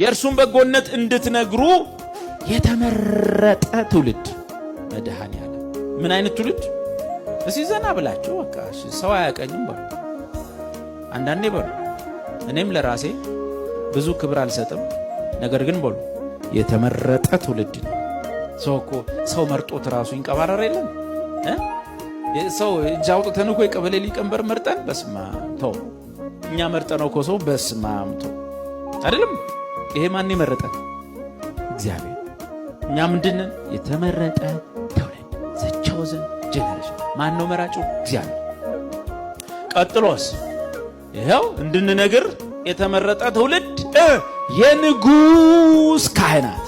የእርሱን በጎነት እንድትነግሩ የተመረጠ ትውልድ መድሃን ያለ ምን አይነት ትውልድ? እስ ዘና ብላቸው በቃ ሰው አያቀኝም በሉ። አንዳንዴ በሉ እኔም ለራሴ ብዙ ክብር አልሰጥም፣ ነገር ግን በሉ የተመረጠ ትውልድ ነው። ሰው እኮ ሰው መርጦት ራሱ ይንቀባረር የለም ሰው እጅ አውጥተን እኮ የቀበሌ ሊቀንበር መርጠን በስማምቶ እኛ መርጠነው ኮ ሰው በስማምቶ አይደለም። ይሄ ማን የመረጠን? እግዚአብሔር። እኛ ምንድንን? የተመረጠ ትውልድ ዘቸውዝን ጀነሬሽን። ማን ነው መራጩ? እግዚአብሔር። ቀጥሎስ ይኸው እንድንነግር የተመረጠ ትውልድ የንጉስ ካህናት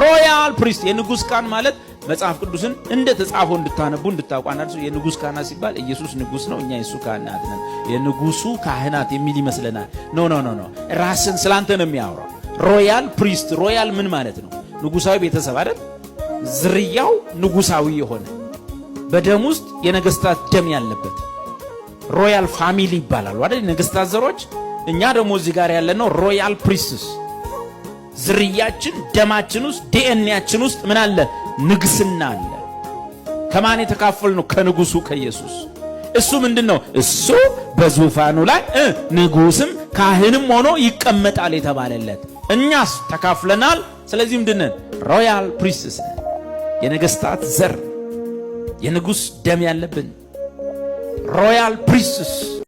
ሮያል ፕሪስት የንጉስ ካህን ማለት መጽሐፍ ቅዱስን እንደ ተጻፈው እንድታነቡ እንድታቋና የንጉሥ ካህናት ሲባል ኢየሱስ ንጉሥ ነው፣ እኛ የሱ ካህናት ነን። የንጉሱ ካህናት የሚል ይመስለናል። ኖ ኖ ኖ ኖ፣ ራስን ስላንተ ነው የሚያወራው። ሮያል ፕሪስት። ሮያል ምን ማለት ነው? ንጉሳዊ ቤተሰብ አይደል? ዝርያው ንጉሳዊ የሆነ በደም ውስጥ የነገስታት ደም ያለበት ሮያል ፋሚሊ ይባላሉ አይደል? የነገስታት ዘሮች። እኛ ደግሞ እዚህ ጋር ያለነው ሮያል ፕሪስትስ ዝርያችን ደማችን ውስጥ ዲኤንኤያችን ውስጥ ምን አለ? ንግስና አለ። ከማን የተካፈል ነው? ከንጉሱ ከኢየሱስ። እሱ ምንድን ነው? እሱ በዙፋኑ ላይ ንጉስም ካህንም ሆኖ ይቀመጣል የተባለለት። እኛስ ተካፍለናል። ስለዚህ ምንድነን? ሮያል ፕሪስትስ የነገስታት ዘር፣ የንጉስ ደም ያለብን ሮያል ፕሪስትስ